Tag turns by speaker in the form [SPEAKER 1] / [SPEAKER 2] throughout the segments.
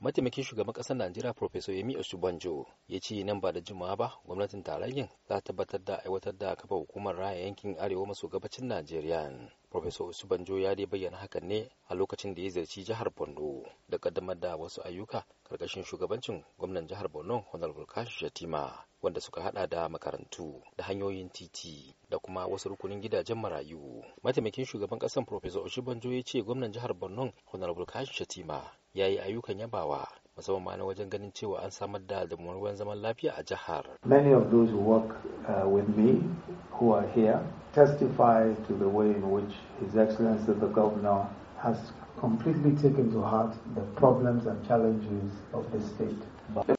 [SPEAKER 1] mataimakin shugaban ƙasar najeriya professor yemi osubanjo ya ce nan ba da jimawa ba gwamnatin tarayyar za ta tabbatar da aiwatar da kafa hukumar raya yankin arewa maso gabacin najeriya Profesor Usubanjo ya dai bayyana hakan ne a lokacin da ya ziyarci jihar Borno da kaddamar da wasu ayyuka karkashin shugabancin gwamnan jihar Borno Honorable Kashi Shatima wanda suka hada da makarantu da hanyoyin titi da kuma wasu rukunin gidajen marayu. Mataimakin shugaban kasan Profesor Usubanjo ya ce gwamnan jihar Borno Honorable Kashi Shatima ya yi ayyukan yabawa musamman ma na wajen ganin cewa an samar da ruwan zaman lafiya a jihar.
[SPEAKER 2] Many of those who work uh, with me who are here testify to the way in which His Excellency the Governor has completely taken to heart the problems and challenges
[SPEAKER 1] of the state.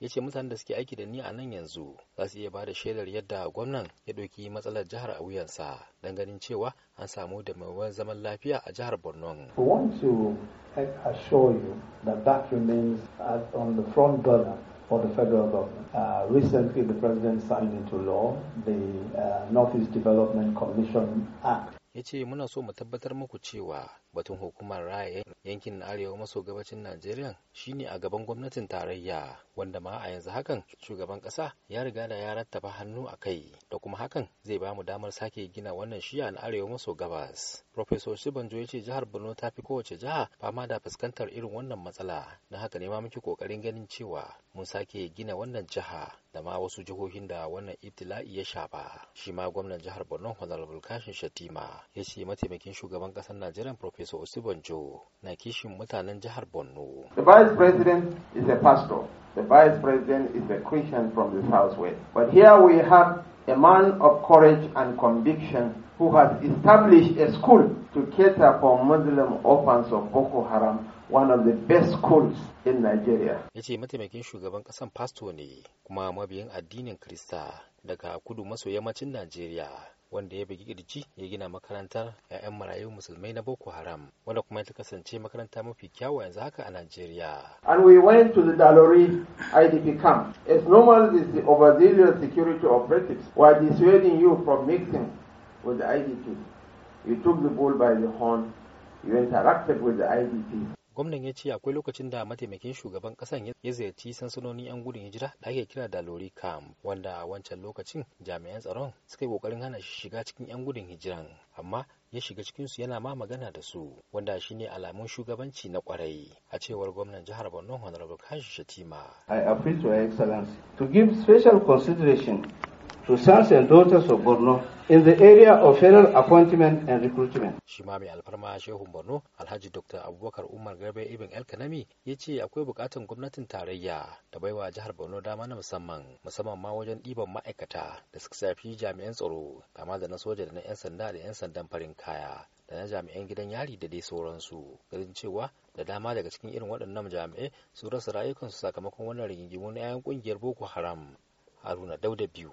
[SPEAKER 1] ya ce mutanen da suke aiki da ni a nan yanzu za su iya ba da shaidar yadda gwamnan ya ɗauki matsalar jihar a wuyansa don ganin cewa an samu da zaman lafiya a jihar borno.
[SPEAKER 2] we I assure you that that remains on the front burner for the federal government. Uh, recently, the president signed into law the uh, Northeast Development Commission
[SPEAKER 1] Act, ya ce muna so mu tabbatar muku cewa batun hukumar raya yankin arewa maso gabacin najeriya shine a gaban gwamnatin tarayya wanda ma a yanzu hakan shugaban kasa ya riga da ya rattaba hannu a kai da kuma hakan zai ba mu damar sake gina wannan shiya na arewa maso gabas professor shibanjo ya ce jihar borno ta fi kowace jiha fama da fuskantar irin wannan matsala na haka ne ma muke kokarin ganin cewa mun sake gina wannan jiha da ma wasu jihohin da wannan ibtila'i ya shafa shi ma gwamnan jihar borno honorable kashin shatima ya ce mataimakin shugaban ƙasar Najeriya Professor Osibonjo na kishin mutanen jihar Borno.
[SPEAKER 3] The Vice President is a pastor. The Vice President is a Christian from the Southwest. But here we have a man of courage and conviction who has established a school to cater for Muslim orphans of Boko Haram one of the best schools in
[SPEAKER 1] Nigeria. Ya ce mataimakin shugaban ƙasan pasto ne kuma mabiyin addinin Krista daga kudu maso yammacin Najeriya. wanda ya bugi kirji ya gina makarantar 'ya'yan marayu musulmai na Boko Haram wanda kuma ta kasance makaranta mafi kyawu yanzu haka a Najeriya.
[SPEAKER 3] And we went to the Dalori IDP camp. As normal is the overzealous security operatives were dissuading you from mixing with the IDP. You took the bull by the horn. You interacted with the IDP.
[SPEAKER 1] gwamnan ya ce akwai lokacin da mataimakin shugaban kasan ya ziyarci sansanonin yan gudun hijira da ake kira da lori kam wanda a wancan lokacin jami'an tsaron suka yi kokarin hana shi shiga cikin yan gudun hijiran amma ya shiga cikinsu yana ma magana da su wanda shine alamun shugabanci na kwarai a cewar gwamnan jihar borno honorable kashi shatima
[SPEAKER 3] i appeal to your excellency to give special consideration to sons and daughters of Borno in the area of federal appointment and recruitment. Shi ma mai alfarma Shehun Borno, Alhaji Dr. Abubakar
[SPEAKER 1] Umar Garbe Ibn El ya ce akwai bukatun gwamnatin tarayya ta baiwa jihar Borno dama na musamman, musamman ma wajen ɗiban ma'aikata da suka shafi jami'an tsaro, kama da na soja da na 'yan sanda da 'yan sandan farin kaya. da na jami'an gidan yari da dai sauransu ganin cewa da dama daga cikin irin waɗannan jami'ai su rasa rayukansu sakamakon wannan rigingimu na 'ya'yan ƙungiyar boko haram haruna dauda biyu